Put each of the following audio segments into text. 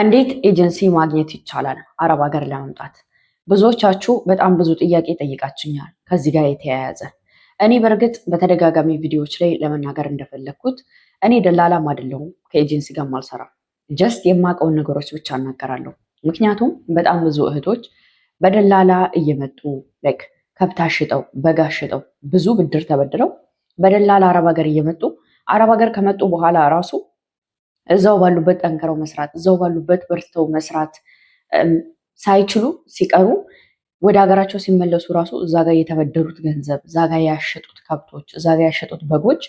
እንዴት ኤጀንሲ ማግኘት ይቻላል? አረብ ሀገር ለመምጣት ብዙዎቻችሁ በጣም ብዙ ጥያቄ ጠይቃችኛል ከዚህ ጋር የተያያዘ። እኔ በእርግጥ በተደጋጋሚ ቪዲዮዎች ላይ ለመናገር እንደፈለግኩት እኔ ደላላም አይደለሁም፣ ከኤጀንሲ ጋር አልሰራም። ጀስት የማውቀውን ነገሮች ብቻ እናገራለሁ። ምክንያቱም በጣም ብዙ እህቶች በደላላ እየመጡ ላይክ ከብታ ሽጠው በጋ ሽጠው ብዙ ብድር ተበድረው በደላላ አረብ ሀገር እየመጡ አረብ ሀገር ከመጡ በኋላ ራሱ እዛው ባሉበት ጠንክረው መስራት፣ እዛው ባሉበት በርተው መስራት ሳይችሉ ሲቀሩ ወደ ሀገራቸው ሲመለሱ ራሱ እዛ ጋር የተበደሩት ገንዘብ፣ እዛ ጋር ያሸጡት ከብቶች፣ እዛ ጋር ያሸጡት በጎች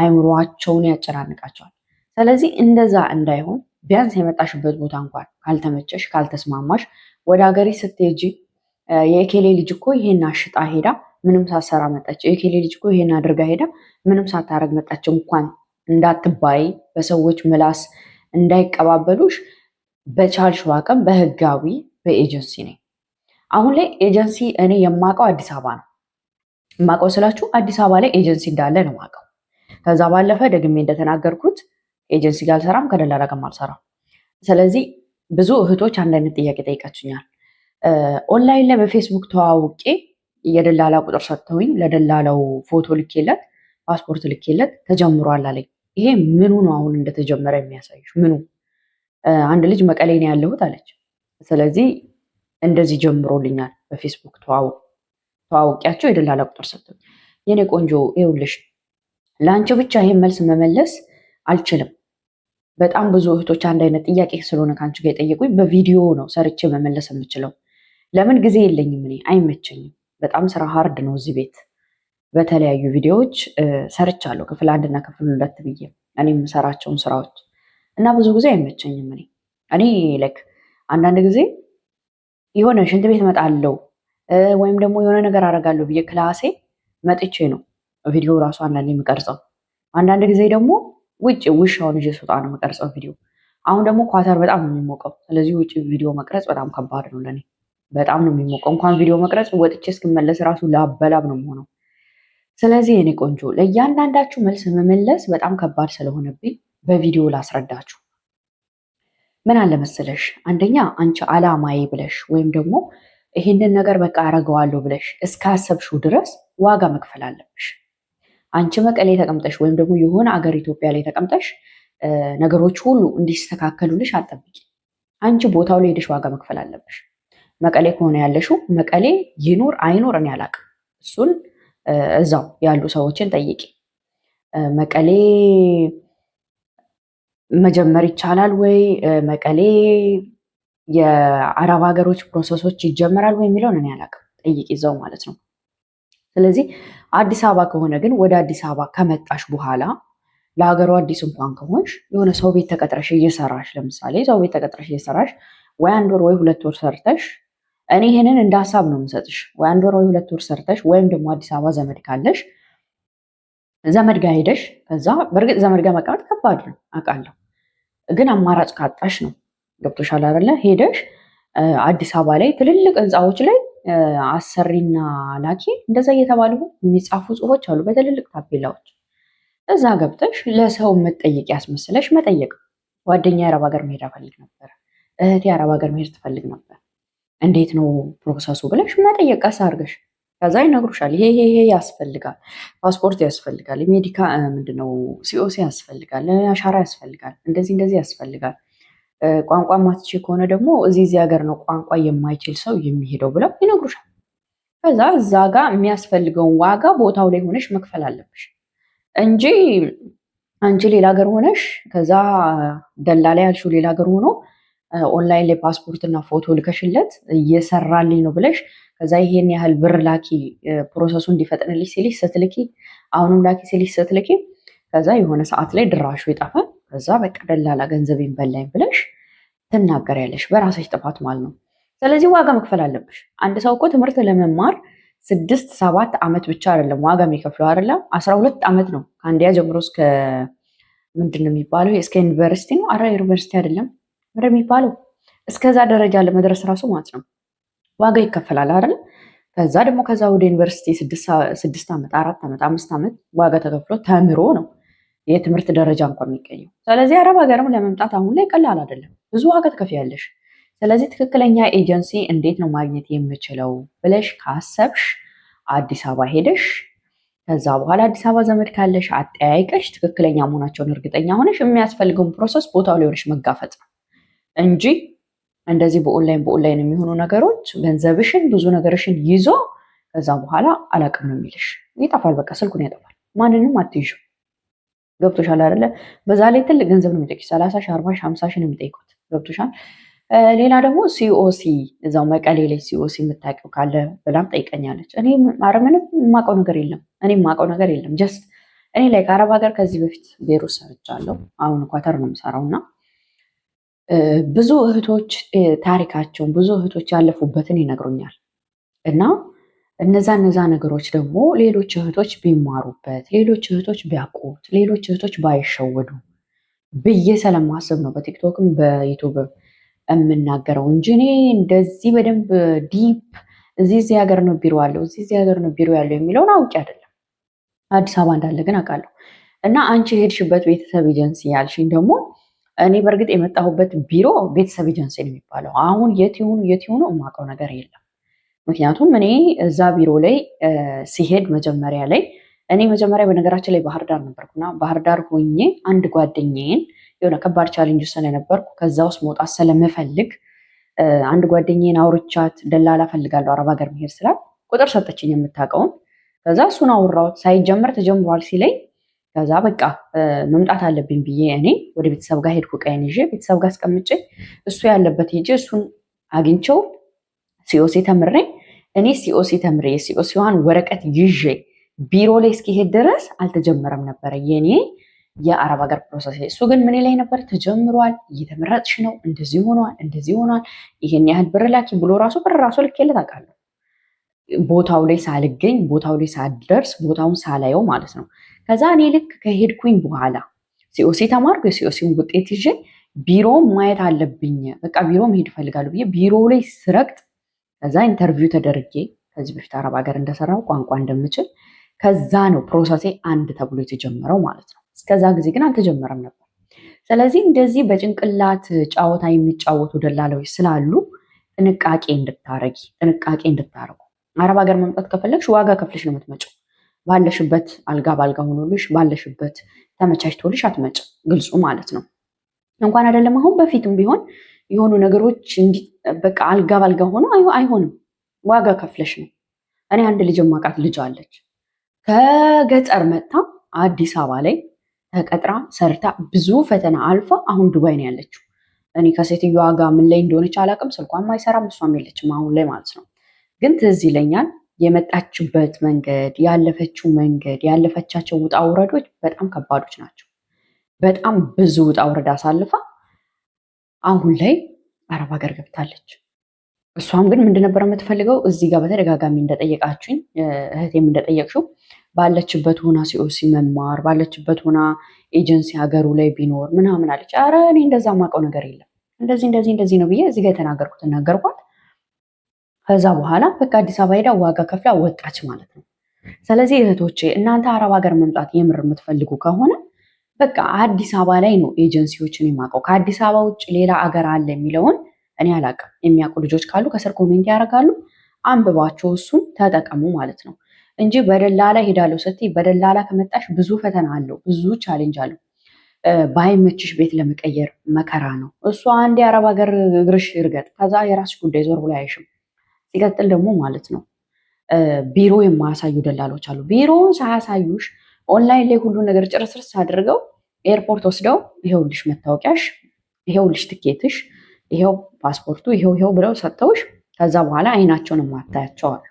አይምሯቸውን ያጨናንቃቸዋል። ስለዚህ እንደዛ እንዳይሆን ቢያንስ የመጣሽበት ቦታ እንኳን ካልተመቸሽ፣ ካልተስማማሽ ወደ ሀገሬ ስትሄጂ የኤኬሌ ልጅ እኮ ይሄን አሽጣ ሄዳ ምንም ሳትሰራ መጣች፣ የኤኬሌ ልጅ እኮ ይሄን አድርጋ ሄዳ ምንም ሳታረግ መጣች እንኳን እንዳትባይ በሰዎች ምላስ እንዳይቀባበሉሽ በቻልሽው አቅም በህጋዊ በኤጀንሲ ነኝ። አሁን ላይ ኤጀንሲ እኔ የማውቀው አዲስ አበባ ነው። የማውቀው ስላችሁ አዲስ አበባ ላይ ኤጀንሲ እንዳለ ነው የማውቀው። ከዛ ባለፈ ደግሜ እንደተናገርኩት ኤጀንሲ ጋር አልሰራም፣ ከደላላ አልሰራም። ስለዚህ ብዙ እህቶች አንድ አይነት ጥያቄ ጠይቀችኛል። ኦንላይን ላይ በፌስቡክ ተዋውቄ የደላላ ቁጥር ሰጥተውኝ ለደላላው ፎቶ ልኬለት ፓስፖርት ልኬለት ተጀምሯል አለኝ። ይሄ ምኑ ነው አሁን እንደተጀመረ የሚያሳዩሽ? ምኑ አንድ ልጅ መቀሌ ነው ያለሁት አለች። ስለዚህ እንደዚህ ጀምሮልኛል በፌስቡክ ተዋውቂያቸው የደላላ ቁጥር ሰጥቶኝ፣ የኔ ቆንጆ ይኸውልሽ፣ ለአንቺ ብቻ ይሄን መልስ መመለስ አልችልም። በጣም ብዙ እህቶች አንድ አይነት ጥያቄ ስለሆነ ከአንቺ ጋር የጠየቁኝ በቪዲዮ ነው ሰርቼ መመለስ የምችለው። ለምን ጊዜ የለኝም እኔ አይመቸኝም። በጣም ስራ ሀርድ ነው እዚህ ቤት በተለያዩ ቪዲዮዎች ሰርቻለሁ፣ ክፍል አንድና ክፍል ሁለት ብዬ እኔ የምሰራቸውን ስራዎች እና ብዙ ጊዜ አይመቸኝም። እኔ እኔ ልክ አንዳንድ ጊዜ የሆነ ሽንት ቤት እመጣለሁ ወይም ደግሞ የሆነ ነገር አደርጋለሁ ብዬ ክላሴ መጥቼ ነው ቪዲዮ ራሱ አንዳንድ የምቀርጸው። አንዳንድ ጊዜ ደግሞ ውጭ ውሻውን ይዤ ስወጣ ነው የምቀርጸው ቪዲዮ። አሁን ደግሞ ኳተር በጣም ነው የሚሞቀው። ስለዚህ ውጭ ቪዲዮ መቅረጽ በጣም ከባድ ነው ለእኔ። በጣም ነው የሚሞቀው። እንኳን ቪዲዮ መቅረጽ ወጥቼ እስክመለስ ራሱ ላበላብ ነው የምሆነው። ስለዚህ የኔ ቆንጆ ለእያንዳንዳችሁ መልስ መመለስ በጣም ከባድ ስለሆነብኝ በቪዲዮ ላስረዳችሁ። ምን አለ መሰለሽ፣ አንደኛ አንቺ አላማዬ ብለሽ ወይም ደግሞ ይህንን ነገር በቃ አረገዋለሁ ብለሽ እስካሰብሽው ድረስ ዋጋ መክፈል አለብሽ። አንቺ መቀሌ ተቀምጠሽ ወይም ደግሞ የሆነ አገር ኢትዮጵያ ላይ ተቀምጠሽ ነገሮች ሁሉ እንዲስተካከሉልሽ አጠብቂ። አንቺ ቦታው ላይ ሄደሽ ዋጋ መክፈል አለብሽ። መቀሌ ከሆነ ያለሽው መቀሌ ይኑር አይኑር እኔ አላቅም እሱን እዛው ያሉ ሰዎችን ጠይቂ። መቀሌ መጀመር ይቻላል ወይ፣ መቀሌ የአረብ ሀገሮች ፕሮሰሶች ይጀመራል ወይ የሚለውን እኔ አላውቅም። ጠይቂ እዛው ማለት ነው። ስለዚህ አዲስ አበባ ከሆነ ግን ወደ አዲስ አበባ ከመጣሽ በኋላ ለሀገሩ አዲስ እንኳን ከሆንሽ የሆነ ሰው ቤት ተቀጥረሽ እየሰራሽ ለምሳሌ ሰው ቤት ተቀጥረሽ እየሰራሽ ወይ አንድ ወር ወይ ሁለት ወር ሰርተሽ እኔ ይህንን እንደ ሀሳብ ነው የምሰጥሽ። ወይ አንድ ወር ወይ ሁለት ወር ሰርተሽ ወይም ደግሞ አዲስ አበባ ዘመድ ካለሽ ዘመድ ጋር ሄደሽ ከዛ በእርግጥ ዘመድ ጋር መቀመጥ ከባድ ነው አውቃለሁ፣ ግን አማራጭ ካጣሽ ነው ገብቶሻል አይደለ? ሄደሽ አዲስ አበባ ላይ ትልልቅ ህንፃዎች ላይ አሰሪና ላኪ እንደዛ እየተባሉ የሚጻፉ ጽሁፎች አሉ በትልልቅ ታፔላዎች። እዛ ገብተሽ ለሰው የምትጠይቅ ያስመስለሽ መጠየቅ። ጓደኛ የአረብ ሀገር መሄድ አፈልግ ነበር፣ እህቴ የአረብ ሀገር መሄድ ትፈልግ ነበር እንዴት ነው ፕሮሰሱ ብለሽ መጠየቅ ቀስ አድርገሽ ከዛ ይነግሩሻል። ይሄ ይሄ ያስፈልጋል፣ ፓስፖርት ያስፈልጋል፣ ሜዲካ ምንድነው ሲኦሲ ያስፈልጋል፣ አሻራ ያስፈልጋል፣ እንደዚህ እንደዚህ ያስፈልጋል። ቋንቋ ማትች ከሆነ ደግሞ እዚህ እዚህ ሀገር ነው ቋንቋ የማይችል ሰው የሚሄደው ብለው ይነግሩሻል። ከዛ እዛ ጋ የሚያስፈልገውን ዋጋ ቦታው ላይ ሆነሽ መክፈል አለብሽ እንጂ አንቺ ሌላ ሀገር ሆነሽ ከዛ ደላ ላይ ያልሽው ሌላ ሀገር ሆኖ ኦንላይን ላይ ፓስፖርትና ፎቶ ልከሽለት እየሰራልኝ ነው ብለሽ ከዛ ይሄን ያህል ብር ላኪ ፕሮሰሱ እንዲፈጥንልሽ ሲልሽ ስትልኪ፣ አሁንም ላኪ ሲልሽ ስትልኪ፣ ከዛ የሆነ ሰዓት ላይ ድራሹ ይጠፋል። ከዛ በቃ ደላላ ገንዘቤን በላኝ ብለሽ ትናገሪያለሽ። በራሳች ጥፋት ማለት ነው። ስለዚህ ዋጋ መክፈል አለብሽ። አንድ ሰው እኮ ትምህርት ለመማር ስድስት ሰባት ዓመት ብቻ አይደለም ዋጋ የሚከፍለው አይደለም፣ አስራ ሁለት ዓመት ነው ከአንድያ ጀምሮ እስከ ምንድን ነው የሚባለው እስከ ዩኒቨርሲቲ ነው። አረ ዩኒቨርሲቲ አይደለም ምር የሚባለው እስከዛ ደረጃ ለመድረስ ራሱ ማለት ነው ዋጋ ይከፈላል አይደል? ከዛ ደግሞ ከዛ ወደ ዩኒቨርሲቲ ስድስት ዓመት አራት ዓመት አምስት ዓመት ዋጋ ተከፍሎ ተምሮ ነው የትምህርት ደረጃ እንኳ የሚገኘው። ስለዚህ አረብ ሀገርም ለመምጣት አሁን ላይ ቀላል አይደለም፣ ብዙ ዋጋ ትከፍያለሽ። ስለዚህ ትክክለኛ ኤጀንሲ እንዴት ነው ማግኘት የምችለው ብለሽ ካሰብሽ አዲስ አበባ ሄደሽ ከዛ በኋላ አዲስ አበባ ዘመድ ካለሽ አጠያይቀሽ ትክክለኛ መሆናቸውን እርግጠኛ ሆነሽ የሚያስፈልገውን ፕሮሰስ ቦታው ላይ ሆነሽ መጋፈጥ ነው። እንጂ እንደዚህ በኦንላይን በኦንላይን የሚሆኑ ነገሮች ገንዘብሽን ብዙ ነገርሽን ይዞ ከዛ በኋላ አላቅም ነው የሚልሽ። ይጠፋል፣ በቃ ስልኩን ያጠፋል። ማንንም አትይዥ። ገብቶሻል አይደለ? በዛ ላይ ትልቅ ገንዘብ ነው የሚጠይቅ፣ ሰላሳ ሺ አርባ ሺ ሀምሳ ነው የሚጠይቁት። ገብቶሻል። ሌላ ደግሞ ሲኦሲ እዛው መቀሌ ላይ ሲኦሲ የምታውቂው ካለ ብላም ጠይቀኛለች። እኔ ኧረ ምንም የማውቀው ነገር የለም እኔ የማውቀው ነገር የለም። ጀስት እኔ ላይ ከአረብ ሀገር ከዚህ በፊት ቤሩት ሰርቻለሁ። አሁን ኳተር ነው የምሰራው እና ብዙ እህቶች ታሪካቸውን ብዙ እህቶች ያለፉበትን ይነግሩኛል እና እነዛ እነዛ ነገሮች ደግሞ ሌሎች እህቶች ቢማሩበት፣ ሌሎች እህቶች ቢያውቁት፣ ሌሎች እህቶች ባይሸወዱ ብዬ ስለማስብ ነው በቲክቶክም በዩቱብም የምናገረው እንጂ እኔ እንደዚህ በደንብ ዲፕ እዚህ እዚህ ሀገር ነው ቢሮ አለው እዚህ እዚህ ሀገር ነው ቢሮ ያለው የሚለውን አውቄ አይደለም። አዲስ አበባ እንዳለ ግን አውቃለሁ እና አንቺ የሄድሽበት ቤተሰብ ኤጀንሲ ያልሽኝ ደግሞ እኔ በእርግጥ የመጣሁበት ቢሮ ቤተሰብ ኤጀንሲ ነው የሚባለው። አሁን የት ይሁኑ የት ይሁኑ የማውቀው ነገር የለም። ምክንያቱም እኔ እዛ ቢሮ ላይ ሲሄድ መጀመሪያ ላይ እኔ መጀመሪያ በነገራችን ላይ ባህር ዳር ነበርኩና ባህር ዳር ሆኜ አንድ ጓደኛዬን የሆነ ከባድ ቻሌንጅ ስለነበርኩ ከዛ ውስጥ መውጣት ስለምፈልግ አንድ ጓደኛዬን አውርቻት ደላላ ፈልጋለሁ አረብ ሀገር መሄድ ስላል ቁጥር ሰጠችኝ የምታውቀውን። ከዛ እሱን አውራሁት ሳይጀመር ተጀምሯል ሲለኝ ከዛ በቃ መምጣት አለብኝ ብዬ እኔ ወደ ቤተሰብ ጋር ሄድኩ። ቀይን ይዤ ቤተሰብ ጋር አስቀምጬ እሱ ያለበት ሄጄ እሱን አግኝቸው ሲኦሲ ተምሬ እኔ ሲኦሲ ተምሬ የሲኦሲዋን ወረቀት ይዤ ቢሮ ላይ እስኪሄድ ድረስ አልተጀመረም ነበረ የኔ የአረብ ሀገር ፕሮሰስ። እሱ ግን ምን ላይ ነበር ተጀምሯል፣ እየተመረጥሽ ነው፣ እንደዚህ ሆኗል፣ እንደዚህ ሆኗል፣ ይሄን ያህል ብር ላኪ ብሎ ራሱ ብር ራሱ ልኬለት አውቃለሁ። ቦታው ላይ ሳልገኝ ቦታው ላይ ሳልደርስ ቦታውን ሳላየው ማለት ነው ከዛ እኔ ልክ ከሄድኩኝ በኋላ ሲኦሲ ተማርኩ። የሲኦሲን ውጤት ይዤ ቢሮ ማየት አለብኝ፣ በቃ ቢሮ መሄድ እፈልጋለሁ ብዬ ቢሮ ላይ ስረቅጥ፣ ከዛ ኢንተርቪው ተደርጌ ከዚህ በፊት አረብ ሀገር እንደሰራው ቋንቋ እንደምችል ከዛ ነው ፕሮሰሴ አንድ ተብሎ የተጀመረው ማለት ነው። እስከዛ ጊዜ ግን አልተጀመረም ነበር። ስለዚህ እንደዚህ በጭንቅላት ጫወታ የሚጫወቱ ደላላዎች ስላሉ ጥንቃቄ እንድታረጊ ጥንቃቄ እንድታረጉ። አረብ ሀገር መምጣት ከፈለግሽ ዋጋ ከፍለሽ ነው የምትመጪው። ባለሽበት አልጋ ባልጋ ሆኖልሽ ባለሽበት ተመቻችቶልሽ አትመጭ። ግልጹ ማለት ነው። እንኳን አይደለም አሁን በፊትም ቢሆን የሆኑ ነገሮች በቃ አልጋ ባልጋ ሆኖ አይሆንም። ዋጋ ከፍለሽ ነው። እኔ አንድ ልጅ ማቃት ልጅ አለች ከገጠር መጥታ አዲስ አበባ ላይ ተቀጥራ ሰርታ ብዙ ፈተና አልፋ አሁን ዱባይ ነው ያለችው። እኔ ከሴትዮዋ ጋር ምን ላይ እንደሆነች አላውቅም። ስልኳም አይሰራም እሷም የለችም አሁን ላይ ማለት ነው። ግን ትዝ ይለኛል የመጣችበት መንገድ ያለፈችው መንገድ ያለፈቻቸው ውጣ ውረዶች በጣም ከባዶች ናቸው። በጣም ብዙ ውጣ ውረድ አሳልፋ አሁን ላይ አረብ ሀገር ገብታለች። እሷም ግን ምንድን የምትፈልገው? እዚህ ጋር በተደጋጋሚ እንደጠየቃችኝ እህቴም እንደጠየቅሽው ባለችበት ሆና ሲኦሲ መማር ባለችበት ሆና ኤጀንሲ ሀገሩ ላይ ቢኖር ምናምን አለች። ኧረ እኔ እንደዛ ማውቀው ነገር የለም እንደዚህ እንደዚህ እንደዚህ ነው ብዬ እዚህ ጋ የተናገርኩትን ነገርኳት። ከዛ በኋላ በቃ አዲስ አበባ ሄዳ ዋጋ ከፍላ ወጣች ማለት ነው። ስለዚህ እህቶቼ እናንተ አረብ ሀገር መምጣት የምር የምትፈልጉ ከሆነ በቃ አዲስ አበባ ላይ ነው ኤጀንሲዎችን የማውቀው። ከአዲስ አበባ ውጭ ሌላ አገር አለ የሚለውን እኔ አላውቅም። የሚያውቁ ልጆች ካሉ ከስር ኮሜንት ያደርጋሉ፣ አንብባቸው እሱን ተጠቀሙ ማለት ነው እንጂ በደላላ ሄዳለሁ ስትይ በደላላ ከመጣሽ ብዙ ፈተና አለው፣ ብዙ ቻሌንጅ አለው። ባይመችሽ ቤት ለመቀየር መከራ ነው እሷ አንድ የአረብ ሀገር እግርሽ ይርገጥ፣ ከዛ የራስሽ ጉዳይ ዞር ብሎ አይሽም። ሲቀጥል ደግሞ ማለት ነው ቢሮ የማያሳዩ ደላሎች አሉ። ቢሮውን ሳያሳዩሽ ኦንላይን ላይ ሁሉ ነገር ጭርስርስ አድርገው ኤርፖርት ወስደው ይሄውልሽ መታወቂያሽ፣ ይሄውልሽ ትኬትሽ፣ ይሄው ፓስፖርቱ፣ ይሄው ይሄው ብለው ሰጥተውሽ ከዛ በኋላ አይናቸውን የማታያቸው አሉ።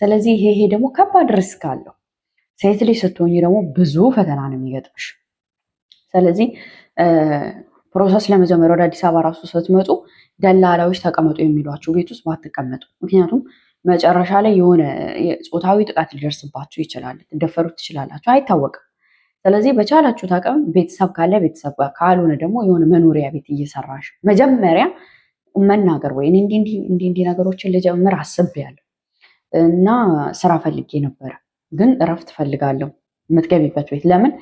ስለዚህ ይሄ ደግሞ ከባድ ሪስክ አለው። ሴት ልጅ ስትሆኝ ደግሞ ብዙ ፈተና ነው የሚገጥምሽ። ስለዚህ ፕሮሰስ ለመጀመር ወደ አዲስ አበባ ራሱ ስትመጡ ደላላዎች ተቀመጡ የሚሏችሁ ቤት ውስጥ ባትቀመጡ። ምክንያቱም መጨረሻ ላይ የሆነ ጾታዊ ጥቃት ሊደርስባችሁ ይችላል፣ ትደፈሩት ትችላላችሁ፣ አይታወቅም። ስለዚህ በቻላችሁ ታቀም ቤተሰብ ካለ ቤተሰብ ጋር ካልሆነ ደግሞ የሆነ መኖሪያ ቤት እየሰራሽ መጀመሪያ መናገር ወይ እንዲህ እንዲህ እንዲህ ነገሮችን ልጀምር አስቤያለሁ እና ስራ ፈልጌ ነበረ፣ ግን እረፍት ፈልጋለሁ የምትገቢበት ቤት ለምን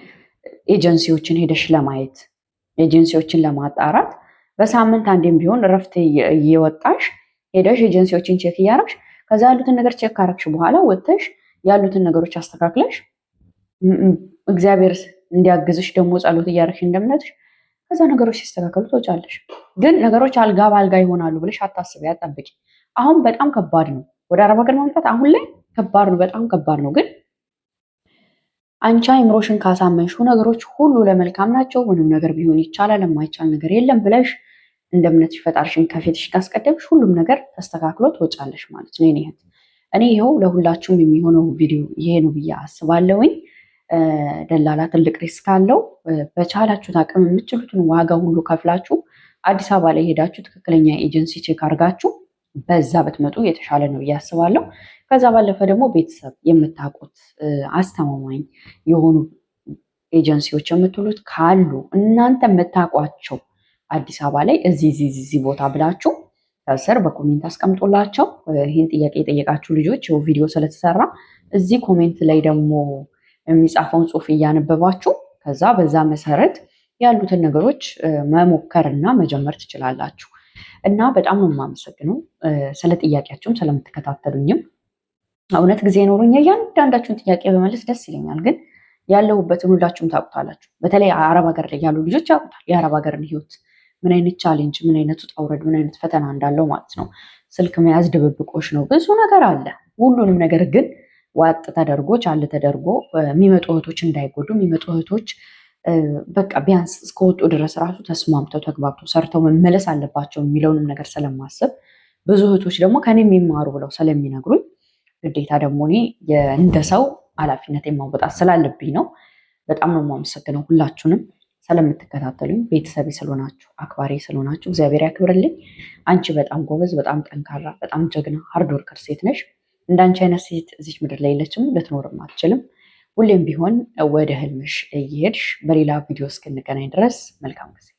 ኤጀንሲዎችን ሄደሽ ለማየት ኤጀንሲዎችን ለማጣራት በሳምንት አንዴም ቢሆን እረፍት እየወጣሽ ሄደሽ ኤጀንሲዎችን ቼክ እያረግሽ ከዛ ያሉትን ነገር ቼክ ካረግሽ በኋላ ወጥተሽ ያሉትን ነገሮች አስተካክለሽ እግዚአብሔር እንዲያግዝሽ ደግሞ ጸሎት እያረግሽ እንደምነትሽ ከዛ ነገሮች ሲስተካከሉ ትወጫለሽ። ግን ነገሮች አልጋ በአልጋ ይሆናሉ ብለሽ አታስቢ፣ አጠብቂ። አሁን በጣም ከባድ ነው። ወደ አረብ ሀገር ማምጣት አሁን ላይ ከባድ ነው፣ በጣም ከባድ ነው ግን አንቺ አይምሮሽን ካሳመንሽው ነገሮች ሁሉ ለመልካም ናቸው። ምንም ነገር ቢሆን ይቻላል፣ የማይቻል ነገር የለም ብለሽ እንደ እምነትሽ ፈጣሪሽን ከፊትሽ ካስቀደምሽ ሁሉም ነገር ተስተካክሎ ትወጫለሽ ማለት ነው። እኔ እኔ ይኸው ለሁላችሁም የሚሆነው ቪዲዮ ይሄ ነው ብዬ አስባለሁኝ። ደላላ ትልቅ ሪስክ አለው። በቻላችሁት አቅም የምችሉትን ዋጋ ሁሉ ከፍላችሁ አዲስ አበባ ላይ ሄዳችሁ ትክክለኛ ኤጀንሲ ቼክ አድርጋችሁ በዛ ብትመጡ የተሻለ ነው ብዬ አስባለሁ። ከዛ ባለፈ ደግሞ ቤተሰብ የምታውቁት አስተማማኝ የሆኑ ኤጀንሲዎች የምትሉት ካሉ እናንተ የምታውቋቸው አዲስ አበባ ላይ እዚህ እዚህ ቦታ ብላችሁ ከስር በኮሜንት አስቀምጦላቸው። ይህን ጥያቄ የጠየቃችሁ ልጆች ቪዲዮ ስለተሰራ እዚህ ኮሜንት ላይ ደግሞ የሚጻፈውን ጽሑፍ እያነበባችሁ ከዛ በዛ መሰረት ያሉትን ነገሮች መሞከርና መጀመር ትችላላችሁ። እና በጣም የማመሰግነው ስለ ጥያቄያችሁም ስለምትከታተሉኝም እውነት ጊዜ ኖሮኛ እያንዳንዳችሁን ጥያቄ በመለስ ደስ ይለኛል፣ ግን ያለሁበትን ሁላችሁም ታውቁታላችሁ። በተለይ አረብ ሀገር ላይ ያሉ ልጆች ያውቁታል። የአረብ ሀገርን ህይወት ምን አይነት ቻሌንጅ፣ ምን አይነት ውጣ ውረድ፣ ምን አይነት ፈተና እንዳለው ማለት ነው። ስልክ መያዝ ድብብቆች ነው፣ ብዙ ነገር አለ። ሁሉንም ነገር ግን ዋጥ ተደርጎ ቻል ተደርጎ የሚመጡ እህቶች እንዳይጎዱ የሚመጡ እህቶች በቃ ቢያንስ እስከወጡ ድረስ ራሱ ተስማምተው ተግባብተው ሰርተው መመለስ አለባቸው የሚለውንም ነገር ስለማስብ ብዙ እህቶች ደግሞ ከኔም የሚማሩ ብለው ስለሚነግሩኝ ግዴታ ደግሞ እኔ እንደ ሰው ኃላፊነት የማወጣት ስላለብኝ ነው። በጣም ነው የማመሰግነው ሁላችሁንም ስለምትከታተሉኝ፣ ቤተሰቤ ስለሆናችሁ፣ አክባሪ ስለሆናችሁ እግዚአብሔር ያክብርልኝ። አንቺ በጣም ጎበዝ፣ በጣም ጠንካራ፣ በጣም ጀግና ሀርድ ወርከር ሴት ነሽ። እንዳንቺ አይነት ሴት እዚች ምድር ላይ የለችም፣ ልትኖርም አትችልም። ሁሌም ቢሆን ወደ ህልምሽ እየሄድሽ በሌላ ቪዲዮ እስክንገናኝ ድረስ መልካም ጊዜ